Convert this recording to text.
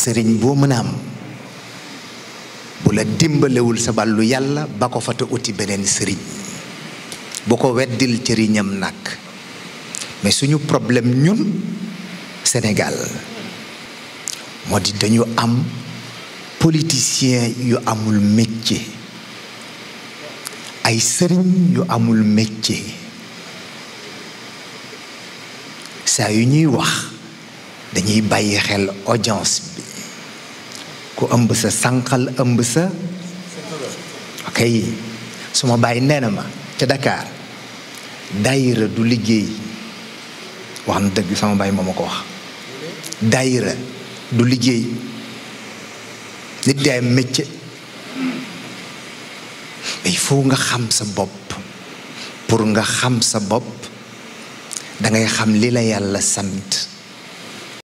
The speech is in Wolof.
sëriñ boo mën a am bu la dimbalewul sa bàllu yàlla ba ko fa te uti beneen sëriñ bu ko weddil cëriñam nag mais suñu problème ñun Sénégal moo di dañu am politicien yu amul métier ay sëriñ yu amul métier saa yu ñuy wax dañuy bàyyi xel audience bi Ku ëmb sa ambesa, ëmb sa ok suma bay nee na ma ca Dakar daayira du liggey wax na dëgg sama bay moo ko wax daayira du liggey nit day metti ay faut nga xam sa bop pour nga xam sa da ngay xam lila yalla sante